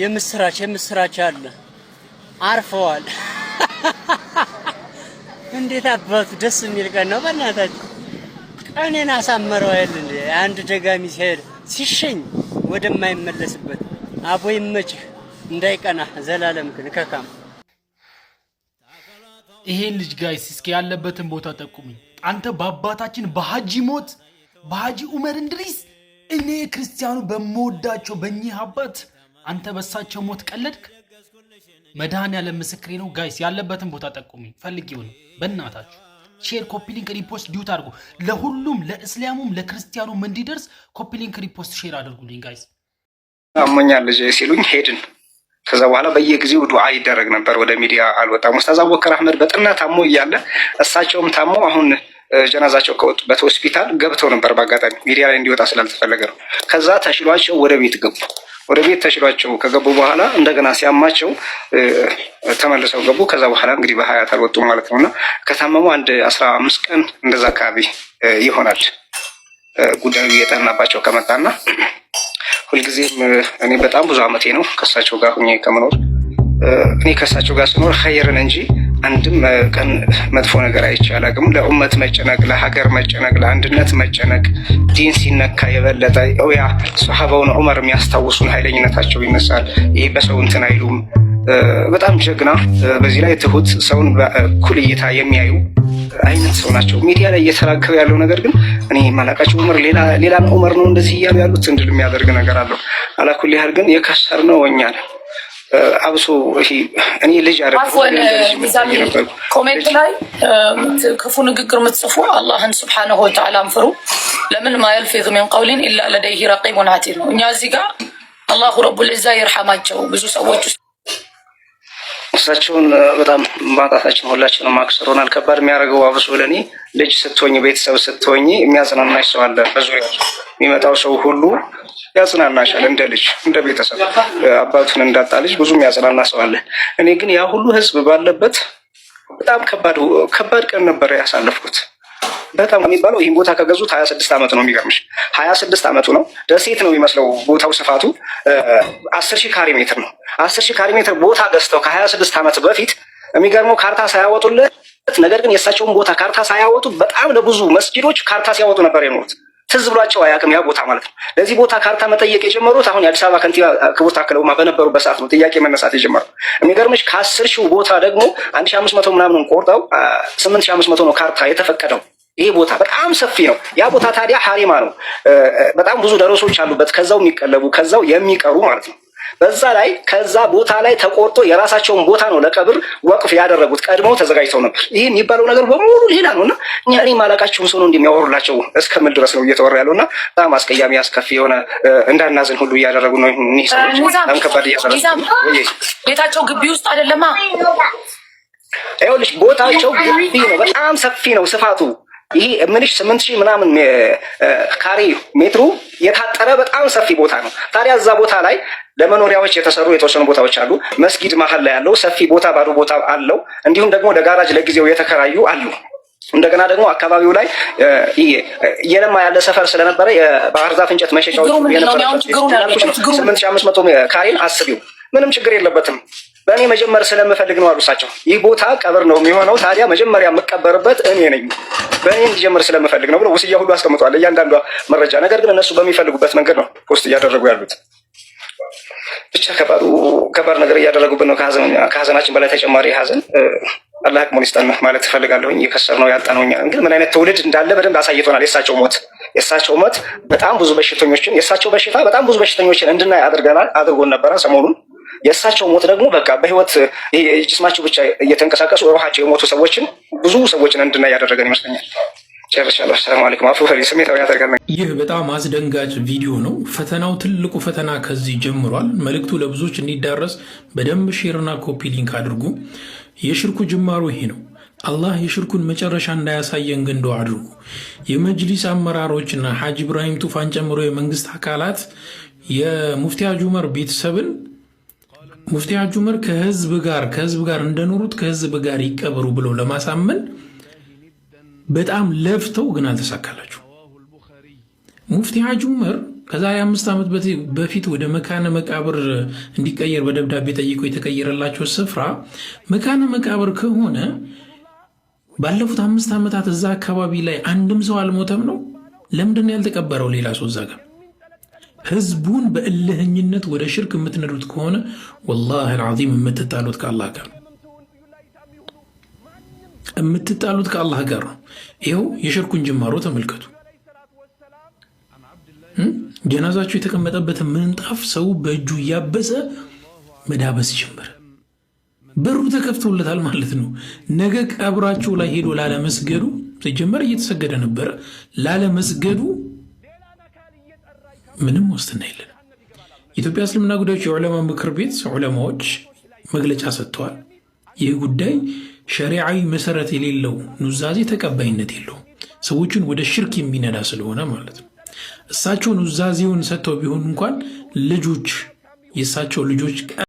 የምስራች የምስራች አለ አርፈዋል። እንዴት አባቱ ደስ የሚል ቀን ነው። በእናታችሁ ቀኔን አሳመረው አይደል እንዴ? አንድ ደጋሚ ሲሄድ ሲሸኝ ወደማይመለስበት አቦ ይመችህ እንዳይቀና ዘላለም ግን ከካም ይሄን ልጅ ጋይስ እስኪ ያለበትን ቦታ ጠቁሙኝ። አንተ በአባታችን በሀጂ ሞት በሀጂ ኡመር እንድሪስ እኔ ክርስቲያኑ በምወዳቸው በእኚህ አባት አንተ በሳቸው ሞት ቀለድክ? መድኃኒዓለም ምስክሬ ነው። ጋይስ ያለበትን ቦታ ጠቁሚ ፈልጌው ነው። በእናታችሁ ሼር፣ ኮፒሊንክ፣ ሪፖስት ዲዩት አድርጉ። ለሁሉም ለእስላሙም ለክርስቲያኑም እንዲደርስ ኮፒሊንክ፣ ሪፖስት፣ ሼር አድርጉልኝ ጋይስ። አሞኛል ሲሉኝ ሄድን። ከዛ በኋላ በየጊዜው ዱዓ ይደረግ ነበር። ወደ ሚዲያ አልወጣም። ኡስታዝ አቡበከር አህመድ በጥና ታሞ እያለ እሳቸውም ታሞ አሁን ጀናዛቸው ከወጡበት ሆስፒታል ገብተው ነበር። በአጋጣሚ ሚዲያ ላይ እንዲወጣ ስላልተፈለገ ነው። ከዛ ተሽሏቸው ወደ ቤት ገቡ። ወደ ቤት ተሽሏቸው ከገቡ በኋላ እንደገና ሲያማቸው ተመልሰው ገቡ። ከዛ በኋላ እንግዲህ በሀያት አልወጡም ማለት ነው እና ከታመሙ አንድ አስራ አምስት ቀን እንደዛ አካባቢ ይሆናል ጉዳዩ እየጠናባቸው ከመጣና ሁልጊዜም እኔ በጣም ብዙ አመቴ ነው ከእሳቸው ጋር ሁኜ ከመኖር እኔ ከእሳቸው ጋር ስኖር ኸይርን እንጂ አንድም ቀን መጥፎ ነገር አይቼ አላውቅም። ለኡመት መጨነቅ፣ ለሀገር መጨነቅ፣ ለአንድነት መጨነቅ ዲን ሲነካ የበለጠ ያ ሰሐባውን ዑመር የሚያስታውሱን ኃይለኝነታቸው ይነሳል። ይህ በሰው እንትን አይሉም። በጣም ጀግና፣ በዚህ ላይ ትሁት፣ ሰውን በእኩል እይታ የሚያዩ አይነት ሰው ናቸው። ሚዲያ ላይ እየተራከበ ያለው ነገር ግን እኔ ማላቃቸው ዑመር ሌላ ዑመር ነው እንደዚህ እያሉ ያሉት እንድል የሚያደርግ ነገር አለው። አላኩል ያህል ግን የከሰር ነው ወኛለን አብሶ እኔ ልጅ ኮሜንት ላይ ክፉ ንግግር ምትጽፉ አላህን ስብሓነሁ ወተዓላ ንፍሩ። ለምን ማየልፊዝ ሚን ቀውሊን ኢላ ለደይሂ ረቂቡን ዓቲድ ነው። እኛ እዚህ ጋር አላሁ ረቡል ዒዛ ብዙ ሰዎች ውስጥ እሳቸውን በጣም ማጣታችን ሁላችንም አክስሮናል። ከባድ የሚያደርገው አብሶ ለእኔ ልጅ ስትሆኝ ቤተሰብ ስትሆኝ የሚያጽናናሽ ሰው አለ በዙሪያ የሚመጣው ሰው ሁሉ ያጽናናሻል። እንደ ልጅ እንደ ቤተሰብ አባቱን እንዳጣ ልጅ ብዙም ያጽናና ሰው አለ። እኔ ግን ያ ሁሉ ህዝብ ባለበት በጣም ከባድ ከባድ ቀን ነበር ያሳለፍኩት። በጣም የሚባለው ይህን ቦታ ከገዙት ሀያ ስድስት ዓመት ነው። የሚገርምሽ ሀያ ስድስት ዓመቱ ነው። ደሴት ነው የሚመስለው ቦታው ስፋቱ አስር ሺህ ካሬ ሜትር ነው። አስር ሺህ ካሬ ሜትር ቦታ ገዝተው ከሀያ ስድስት ዓመት በፊት የሚገርመው ካርታ ሳያወጡለት፣ ነገር ግን የእሳቸውን ቦታ ካርታ ሳያወጡ በጣም ለብዙ መስጊዶች ካርታ ሲያወጡ ነበር የኖሩት። ትዝ ብሏቸው አያውቅም ያ ቦታ ማለት ነው። ለዚህ ቦታ ካርታ መጠየቅ የጀመሩት አሁን የአዲስ አበባ ከንቲባ ክቡር ታከለ ኡማ በነበሩበት ሰዓት ነው ጥያቄ መነሳት የጀመሩ። የሚገርምሽ ከአስር ሺው ቦታ ደግሞ አንድ ሺ አምስት መቶ ምናምኑን ቆርጠው ስምንት ሺ አምስት መቶ ነው ካርታ የተፈቀደው። ይሄ ቦታ በጣም ሰፊ ነው። ያ ቦታ ታዲያ ሀሪማ ነው። በጣም ብዙ ደረሶች አሉበት፣ ከዛው የሚቀለቡ ከዛው የሚቀሩ ማለት ነው። በዛ ላይ ከዛ ቦታ ላይ ተቆርጦ የራሳቸውን ቦታ ነው ለቀብር ወቅፍ ያደረጉት። ቀድመው ተዘጋጅተው ነበር። ይህ የሚባለው ነገር በሙሉ ሌላ ነው እና እኛ እኔ ማላቃቸውን ሰው ነው እንደሚያወሩላቸው እስከምል ድረስ ነው እየተወራ ያለው እና በጣም አስቀያሚ አስከፊ የሆነ እንዳናዝን ሁሉ እያደረጉ ነው። ይህ ሰዎች ከባድ ቤታቸው ግቢ ውስጥ አይደለማ። ይኸውልሽ ቦታቸው ግቢ ነው፣ በጣም ሰፊ ነው ስፋቱ ይሄ ምንሽ ስምንት ሺህ ምናምን ካሬ ሜትሩ የታጠረ በጣም ሰፊ ቦታ ነው። ታዲያ እዛ ቦታ ላይ ለመኖሪያዎች የተሰሩ የተወሰኑ ቦታዎች አሉ። መስጊድ መሀል ላይ ያለው ሰፊ ቦታ ባዶ ቦታ አለው። እንዲሁም ደግሞ ለጋራጅ ለጊዜው የተከራዩ አሉ። እንደገና ደግሞ አካባቢው ላይ እየለማ ያለ ሰፈር ስለነበረ የባህር ዛፍ እንጨት መሸሻዎች ስምንት ሺህ አምስት መቶ ካሬን አስቢው ምንም ችግር የለበትም። በእኔ መጀመር ስለምፈልግ ነው አሉ እሳቸው። ይህ ቦታ ቀብር ነው የሚሆነው ታዲያ መጀመሪያ የምቀበርበት እኔ ነኝ፣ በእኔ እንዲጀምር ስለምፈልግ ነው ብሎ ውስያ ሁሉ አስቀምጠዋል፣ እያንዳንዷ መረጃ። ነገር ግን እነሱ በሚፈልጉበት መንገድ ነው ፖስት እያደረጉ ያሉት። ብቻ ከባዱ ከባድ ነገር እያደረጉብን ነው። ከሀዘናችን በላይ ተጨማሪ ሀዘን አላህ አቅሙን ይስጠን ማለት ትፈልጋለሁኝ። የከሰርነው ያጣነው እኛ ግን ምን አይነት ትውልድ እንዳለ በደንብ አሳይቶናል። የእሳቸው ሞት የእሳቸው ሞት በጣም ብዙ በሽተኞችን የእሳቸው በሽታ በጣም ብዙ በሽተኞችን እንድናይ አድርጎን ነበረ ሰሞኑን የእሳቸው ሞት ደግሞ በቃ በህይወት ጅስማቸው ብቻ እየተንቀሳቀሱ ሩሃቸው የሞቱ ሰዎችን ብዙ ሰዎችን እንድና እያደረገን ይመስለኛል። ጨርሻለሁ። አለይኩም። አፉ ስሜታዊ ያደርጋል። ይህ በጣም አስደንጋጭ ቪዲዮ ነው። ፈተናው ትልቁ ፈተና ከዚህ ጀምሯል። መልእክቱ ለብዙዎች እንዲዳረስ በደንብ ሼርና ኮፒ ሊንክ አድርጉ። የሽርኩ ጅማሩ ይሄ ነው። አላህ የሽርኩን መጨረሻ እንዳያሳየን ግን አድርጉ። የመጅሊስ አመራሮችና ሐጅ ኢብራሂም ቱፋን ጨምሮ የመንግስት አካላት የሙፍቲ ሐጂ ዑመር ቤተሰብን ሙፍቲ ሐጂ ዑመር ከህዝብ ጋር ከህዝብ ጋር እንደኖሩት ከህዝብ ጋር ይቀበሩ ብለው ለማሳመን በጣም ለፍተው ግን አልተሳካላቸው። ሙፍቲ ሐጂ ዑመር ከዛሬ አምስት ዓመት በፊት ወደ መካነ መቃብር እንዲቀየር በደብዳቤ ጠይቀው የተቀየረላቸው ስፍራ መካነ መቃብር ከሆነ ባለፉት አምስት ዓመታት እዛ አካባቢ ላይ አንድም ሰው አልሞተም ነው። ለምንድን ነው ያልተቀበረው ሌላ ሰው እዛ ጋር ህዝቡን በእልህኝነት ወደ ሽርክ የምትነዱት ከሆነ ወላሂ አልዓዚም የምትጣሉት ከአላህ ጋር የምትጣሉት ከአላህ ጋር ነው። ይኸው የሽርኩን ጅማሮ ተመልከቱ። ጀናዛቸው የተቀመጠበትን ምንጣፍ ሰው በእጁ እያበሰ መዳበስ ጀመረ። በሩ ተከፍቶለታል ማለት ነው። ነገ ቀብራቸው ላይ ሄዶ ላለመስገዱ ሲጀመር እየተሰገደ ነበረ ላለመስገዱ ምንም ዋስትና የለንም። የኢትዮጵያ እስልምና ጉዳዮች የዑለማ ምክር ቤት ዑለማዎች መግለጫ ሰጥተዋል። ይህ ጉዳይ ሸሪዓዊ መሰረት የሌለው ኑዛዜ ተቀባይነት የለው ሰዎችን ወደ ሽርክ የሚነዳ ስለሆነ ማለት ነው። እሳቸው ኑዛዜውን ሰጥተው ቢሆን እንኳን ልጆች የእሳቸው ልጆች